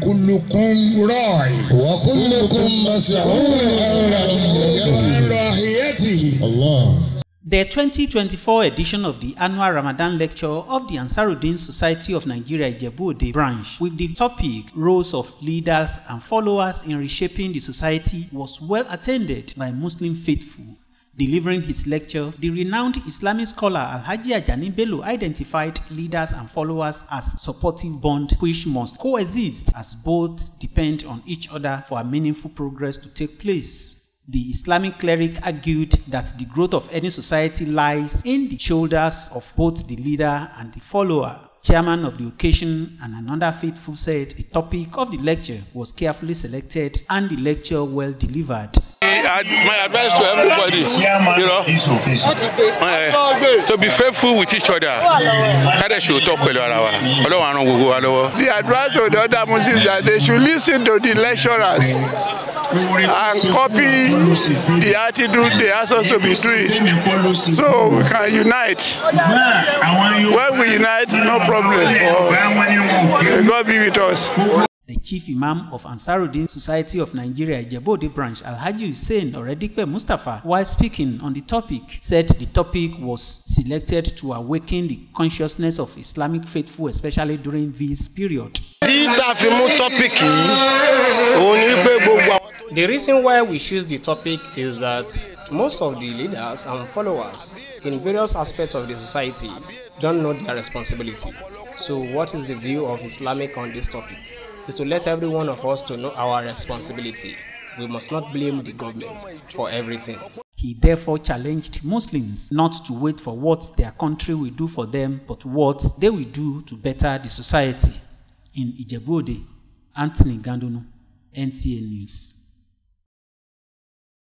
kullukum ra'i. wa kullukum mas'ulun an rahiyatihi. The 2024 edition of the annual Ramadan lecture of the Ansaruddin Society of Nigeria Ijebu-Ode branch with the topic Roles of Leaders and Followers in Reshaping the Society was well attended by Muslim faithful. Delivering his lecture, the renowned Islamic scholar Alhaji Ajani Bello identified leaders and followers as supportive bond which must coexist as both depend on each other for a meaningful progress to take place. The Islamic cleric argued that the growth of any society lies in the shoulders of both the leader and the follower. Chairman of the occasion and another faithful said the topic of the lecture was carefully selected and the lecture well delivered. my advice to everybody you know uh, to be faithful with each other kádẹ̀ ṣe òótọ́ pẹ̀lú ara wa ọlọ́run àrùn gbogbo wa lọ́wọ́. the advice of the other muslims that they should listen to the lecturers and copy the attitude they ask us to be doing so we can unite when we unite no problem for God be with us. The chief imam of Ansaruddin Society of Nigeria, Jebode branch, Alhaji Hussein Oredipe Mustafa, while speaking on the topic, said the topic was selected to awaken the consciousness of Islamic faithful, especially during this period. The reason why we choose the topic is that most of the leaders and followers in various aspects of the society don't know their responsibility. So what is the view of Islamic on this topic? is to let every one of us to know our responsibility. We must not blame the government for everything. He therefore challenged Muslims not to wait for what their country will do for them, but what they will do to better the society. In Ijebuode, Anthony Gandunu, NTN News.